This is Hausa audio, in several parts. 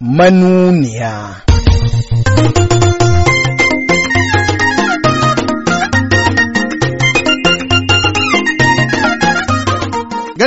manuniya.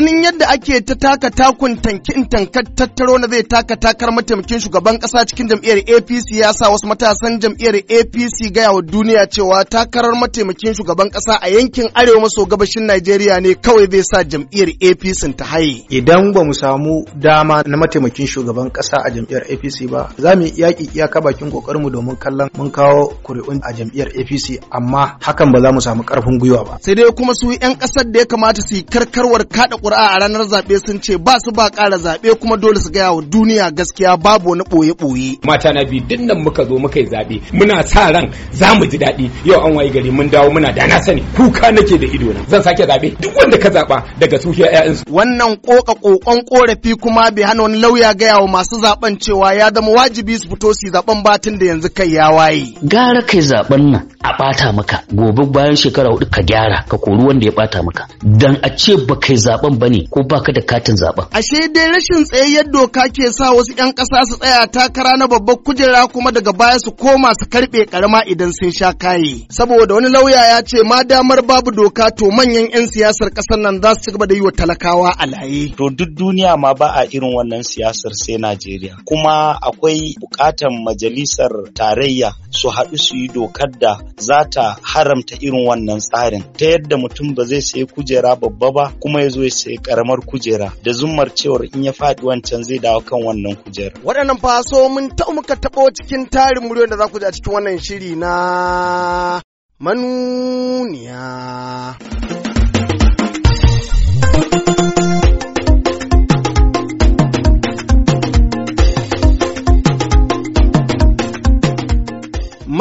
ganin yadda ake ta taka takun in tankar tattaro na zai taka takar mataimakin shugaban kasa cikin jam'iyyar apc ya sa wasu matasan jam'iyyar apc gaya wa duniya cewa takarar mataimakin shugaban kasa a yankin arewa maso gabashin najeriya ne kawai zai sa jam'iyyar apc ta haye idan ba mu samu dama na mataimakin shugaban kasa a jam'iyyar apc ba za mu yaƙi iyaka bakin kokarinmu domin kallon mun kawo kuri'un a jam'iyyar apc amma hakan ba za mu samu karfin gwiwa ba sai dai kuma su 'yan kasar da ya kamata su yi karkarwar kada ƙuri'a a ranar zaɓe sun ce ba su ba ƙara zaɓe kuma dole su gaya wa duniya gaskiya babu wani ɓoye-ɓoye. Mata na biyu duk nan muka zo muka yi zaɓe muna sa ran za mu ji daɗi yau an wayi gari mun dawo muna da na sani kuka nake da ido na zan sake zaɓe duk wanda ka zaɓa daga tsohiyar 'ya'yansu. Wannan ƙoƙa ƙoƙon ƙorafi kuma bai hana wani lauya gaya wa masu zaɓen cewa ya zama wajibi su fito su zaɓen batun da yanzu kai ya waye. Gara kai zaɓen nan a ɓata maka gobe bayan shekara hudu ka gyara ka kori wanda ya ɓata maka dan a ce ba kai zaɓen zaben bane ko baka da katin zaben ashe dai rashin tsayayyar doka ke sa wasu yan ƙasa su tsaya takara na babbar kujera kuma daga baya su koma su karɓe karama idan sun sha kaye saboda wani lauya ya ce ma damar babu doka to manyan yan siyasar ƙasar nan za su ci da yi wa talakawa laye. to duk duniya ma ba a irin wannan siyasar sai Najeriya kuma akwai bukatan majalisar tarayya su haɗu su yi dokar da za ta haramta irin wannan tsarin ta yadda mutum ba zai sayi kujera babba ba kuma ya zo ya sai karamar kujera da zummar cewar in ya faɗi wancan zai dawo kan wannan kujera. Waɗannan faso mun taɓa muka taɓo cikin tarin muryoyin da za ku ji a cikin wannan shiri na manuniya.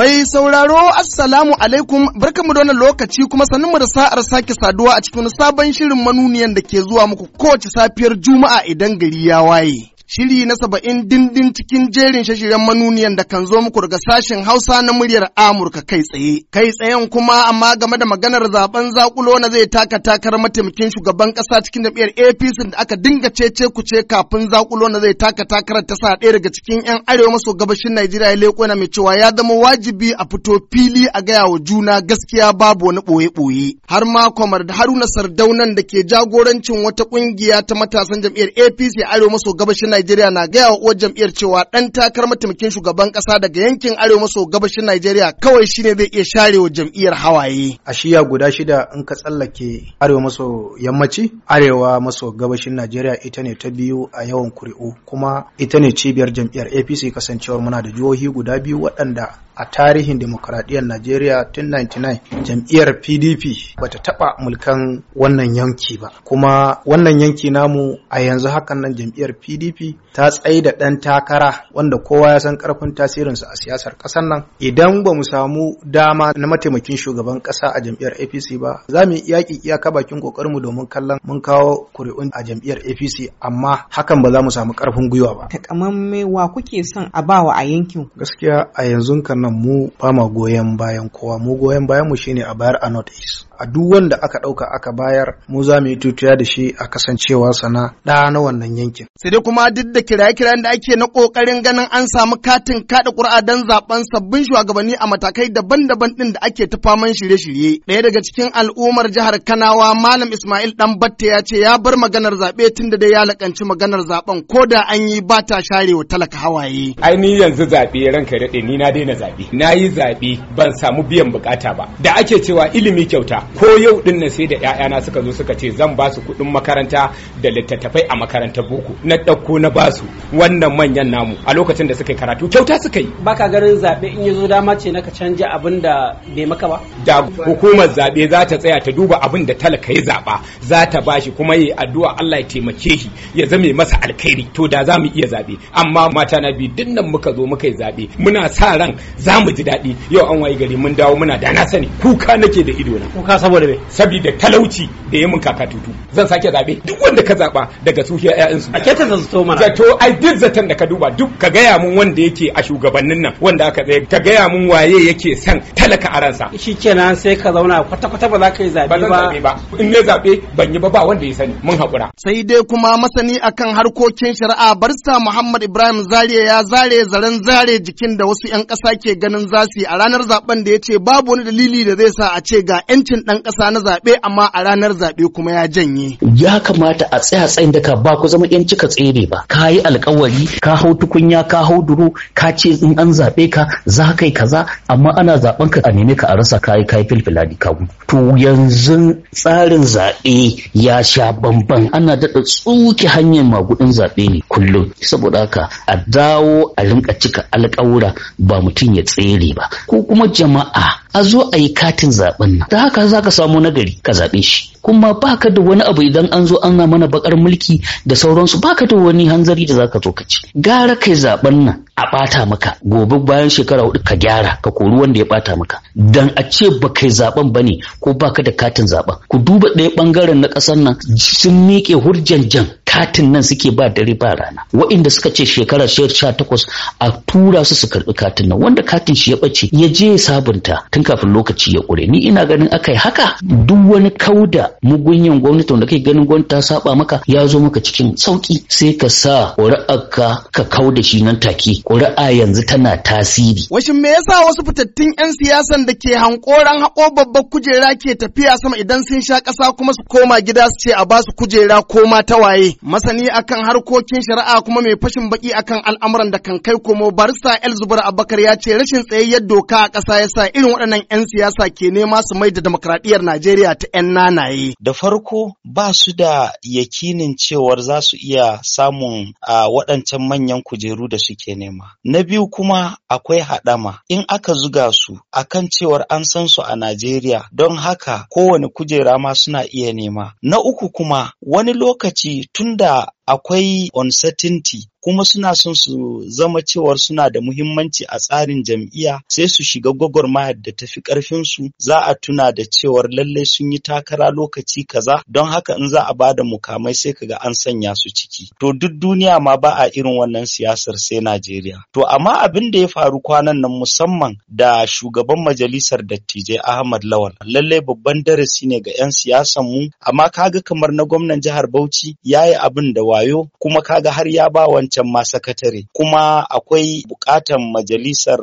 Mai sauraro Assalamu alaikum barkanmu da wannan lokaci kuma sanin mu da sa'ar sake saduwa a cikin sabon shirin manuniyan da ke zuwa muku kowace safiyar Juma'a idan gari ya waye. shiri na saba'in dindin cikin jerin shashiren manuniyan da kan zo muku daga sashen Hausa na muryar Amurka kai tsaye. Kai tsayen kuma amma game da maganar zaben zakulo na zai taka takar mataimakin shugaban kasa cikin jam'iyyar APC da aka dinga cece kuce kafin zakulo na zai taka takarar ta sa ɗaya daga cikin 'yan arewa maso gabashin Najeriya ya leko na mai cewa ya zama wajibi a fito fili a gaya wa juna gaskiya babu wani ɓoye-ɓoye. Har ma kwamar da Haruna Sardaunan da ke jagorancin wata ƙungiya ta matasan jam'iyyar APC arewa maso gabashin Najeriya na gaya wa uwar jam'iyyar cewa ɗan takar mataimakin shugaban ƙasa daga yankin arewa maso gabashin Najeriya kawai shine zai iya wa jam'iyyar hawaye. A shiya guda shida in ka tsallake arewa maso yammaci, arewa maso gabashin Najeriya ita ne ta biyu a yawan kuri'u kuma ita ne cibiyar jam'iyyar APC kasancewar muna da jihohi guda biyu waɗanda a tarihin demokuraɗiyyar Najeriya tun 99 jam'iyyar PDP bata taɓa mulkan wannan yanki ba kuma wannan yanki namu a yanzu hakan nan jam'iyyar PDP ta tsaye da ɗan takara wanda kowa ya san ƙarfin tasirinsa a siyasar ƙasar nan idan ba mu samu dama na mataimakin shugaban ƙasa a jam'iyyar APC ba za mu yaƙi iyaka bakin ƙoƙarinmu domin kallon mun kawo ƙuri'un a jam'iyyar APC amma hakan ba za mu samu ƙarfin gwiwa ba. Takamman wa kuke son a bawa a yankin? Gaskiya a yanzu kan mu ba ma goyon bayan kowa mu goyon bayan mu shine a bayar a north a duk wanda aka ɗauka aka bayar mu za mu yi tutuya da shi a kasancewa sana ɗa na wannan yankin. Sai dai kuma duk da kiraye-kirayen da ake na ƙoƙarin ganin an samu katin kaɗa ƙuri'a don zaɓen sabbin shugabanni a matakai daban-daban ɗin da ake ta faman shirye-shirye. Ɗaya daga cikin al'ummar jihar Kanawa Malam Ismail ɗan Batta ya ce ya bar maganar zaɓe tun da dai ya laƙanci maganar zaɓen ko da an yi ba ta sharewa talaka hawaye. Ai ni yanzu zaɓe ranka daɗe ni na daina zaɓe. Na yi zaɓe ban samu biyan bukata ba. Da ake cewa ilimi kyauta ko yau din nan sai da ƴaƴana suka zo suka ce zan ba su kuɗin makaranta da littattafai a makarantar boko na ɗauko na ba su wannan manyan namu a lokacin da suka yi karatu kyauta suka yi baka ganin zaɓe in ya zo dama ce na ka canja abin da bai maka ba da hukumar zaɓe za ta tsaya ta duba abin da talaka ya zaɓa za ta bashi kuma yi addu'a Allah ya taimake shi ya zame masa alkhairi to da za mu iya zaɓe amma mata na biyu dinnan muka zo muka yi zaɓe muna sa ran za mu ji daɗi yau an wayi gari mun dawo muna da na sani kuka nake da idona kuka saboda me saboda talauci da ya mun kaka tutu zan sake zabe duk wanda ka zaba daga su ƴaƴan su a ta zato mana zato ai duk zaton da ka duba duk ka gaya mun wanda yake a shugabannin nan wanda aka tsaye ka gaya mun waye yake son talaka a ransa kenan sai ka zauna kwata kwata ba za ka yi zabe ba ba in ne zabe ban yi ba ba wanda ya sani mun hakura sai dai kuma masani akan harkokin shari'a barista Muhammad Ibrahim Zariya ya zare zaren zare jikin da wasu 'yan ƙasa ke ganin zasu a ranar zaben da ya ce babu wani dalili da zai sa a ce ga 'yancin dan ƙasa na zaɓe amma a ranar zaɓe kuma ya janye. Ya kamata a tsaya tsayin ka ba ku zama yan cika tsere ba. Ka yi alkawari, ka hau tukunya, ka hau duro, ka ce in an zaɓe ka za ka yi kaza amma ana zaɓen ka a neme ka a rasa kayi kayi filfiladi ka To yanzu tsarin zaɓe ya sha bamban ana daɗa tsuki hanyar magudin zaɓe ne kullum. Saboda haka a dawo a rinka cika alƙawura ba mutum ya tsere ba. Ko kuma jama'a a zo a yi katin zaben nan ta haka za ka samu nagari ka zaɓe shi kuma ba ka da wani abu idan an zo an mana baƙar mulki da sauransu ba ka da wani hanzari da za ka zo ka ci gara kai zaben nan a ɓata maka gobe bayan shekara hudu ka gyara ka kori wanda ya bata maka dan a ce ba kai zaben ba ne ko baka da katin zaben ku duba ɗaya bangaren na ƙasar nan sun miƙe hurjan jan katin nan suke ba dare ba rana wa'inda suka ce shekara sha takwas a tura su su karɓi katin nan wanda katin shi ya ɓace ya je ya sabunta tun kafin lokaci ya ƙure ni ina ganin aka yi haka duk wani kauda mugunyan gwamnati wanda kai ganin gwamnati ta saba maka ya zo maka cikin sauki sai ka sa ƙuri'arka ka kauda shi nan take ƙuri'a yanzu tana tasiri. Washin me yasa wasu fitattun 'yan siyasan da ke hankoran haƙo babbar kujera ke tafiya sama idan sun sha ƙasa kuma su koma gida su ce a ba su kujera ko ma ta waye. Masani akan harkokin shari'a kuma mai fashin baki akan al'amuran da kan kai komo barista El Zubar Abakar ya ce rashin tsayayyar doka a ƙasa ya sa irin waɗannan 'yan siyasa ke nema su mai da demokradiyyar Najeriya ta 'yan nanaye. Da farko ba su da yakinin cewar za su iya samun a waɗancan manyan kujeru da suke nema. girma. Na biyu kuma akwai haɗama in aka zuga su akan cewar an san su a Najeriya don haka kowane kujera ma suna iya nema. Na uku kuma wani lokaci tunda akwai uncertainty kuma suna son su zama cewar suna da muhimmanci a tsarin jam'iyya sai su shiga gwagwarmayar da tafi karfin su za a tuna da cewar lallai sun yi takara lokaci kaza don haka in za a ba da mukamai sai kaga an sanya su ciki to duk duniya ma ba a irin wannan siyasar sai Najeriya to amma abin da ya faru kwanan nan musamman da shugaban majalisar dattijai Ahmad Lawal lallai babban darasi ne ga 'yan siyasan mu amma kaga kamar na gwamnan jihar Bauchi yayi abin da wayo kuma kaga har ya ba wancan ma sakatare kuma akwai bukatan majalisar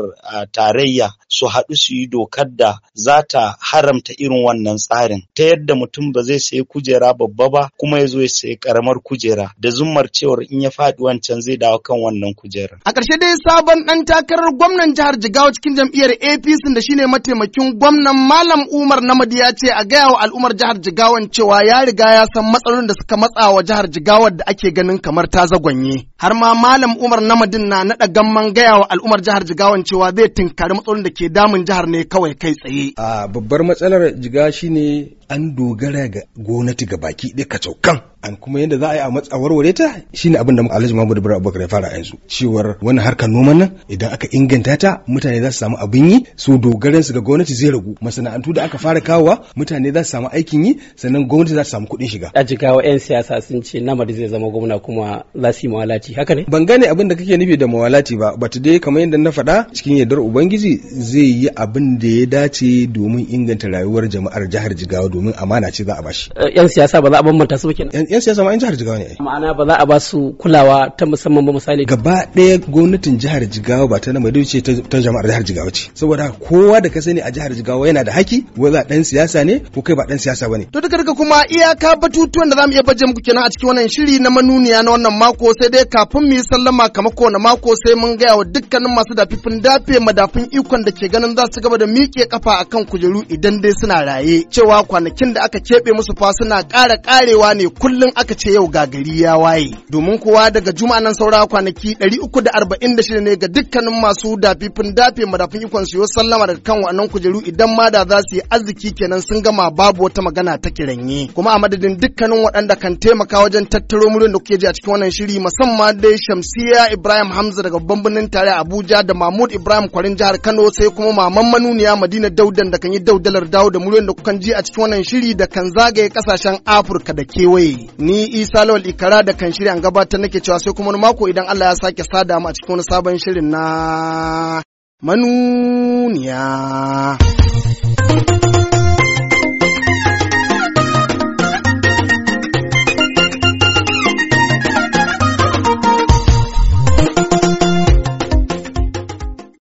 tarayya su haɗu su yi dokar da za ta haramta irin wannan tsarin ta yadda mutum ba zai sayi kujera babba ba kuma ya zo ya sayi karamar kujera da zummar cewar in ya faɗi wancan zai dawo kan wannan kujera. A ƙarshe dai sabon ɗan takarar gwamnan jihar Jigawa cikin jam'iyyar APC da shine mataimakin gwamnan Malam Umar Namadi ya ce a gaya wa al'ummar jihar Jigawan cewa ya riga ya san matsalolin da suka matsa wa jihar Jigawar da ake ganin kamar ta zagwanye. Har ma malam Umar Namadin na naɗa gamman gaya wa al'ummar jihar Jigawan cewa zai tinkari matsalolin da ke damun jihar ne kawai kai tsaye. A babbar matsalar jiga shine an dogara ga gwamnati ga baki ɗaya kacaukan an kuma yadda za a yi a matsa warware ta shine abin da muka alhaji Muhammadu Bura Abubakar ya fara yanzu cewar wani harkar noman nan idan aka inganta ta mutane za su samu abin yi su dogaran su ga gwamnati zai ragu masana'antu da aka fara kawowa mutane za su samu aikin yi sannan gwamnati za su samu kuɗin shiga a jigawa yan siyasa sun ce namadi zai zama gwamna kuma za su yi mawalaci haka ne ban gane abin da kake nufi da mawalaci ba ba ta dai kamar yadda na faɗa cikin yardar ubangiji zai yi abin da ya dace domin inganta rayuwar jama'ar jihar jigawa domin amana ce za a bashi yan eh, siyasa ba za a bambanta su kenan yan siyasa ma yan jihar Jigawa ne ai ma'ana ba za a ba su kulawa ta musamman ba misali gaba ɗaya gwamnatin jihar Jigawa ba ta na Maiduguri ce ta jama'ar jihar Jigawa ce saboda kowa da ka sani a jihar Jigawa yana da haki wanda dan siyasa ne ko kai ba dan siyasa bane to daga duka kuma iyaka batutuwan da zamu iya baje muku kenan a cikin wannan shiri na manuniya na wannan mako sai dai kafin mu yi sallama kamar na mako sai mun gaya wa dukkanin masu dafifin dafe madafin ikon da ke ganin za su gaba da miƙe kafa akan kujeru idan dai suna raye cewa kwanakin da aka keɓe musu fa suna ƙara ƙarewa ne kullum kullum aka ce yau gagari ya waye domin kowa daga juma'a nan saura kwanaki 346 ne ga dukkanin masu dafifin dafe madafin ikon su sallama daga kan wannan kujeru idan ma da za su yi arziki kenan sun gama babu wata magana ta kiranye kuma a madadin dukkanin waɗanda kan taimaka wajen tattaro muryar da kuke ji a cikin wannan shiri musamman dai Shamsiya Ibrahim Hamza daga babban birnin tare Abuja da Mahmud Ibrahim Kwarin jihar Kano sai kuma maman manuniya Madina Daudan da kan yi daudalar dawo da muryar da kukan ji a cikin wannan shiri da kan zagaye kasashen Afirka da kewaye. ni Isa Lawal Ikara da kan shirya gabatar nake cewa sai kuma mako idan Allah ya sake sada mu a cikin wani sabon shirin na manuniya.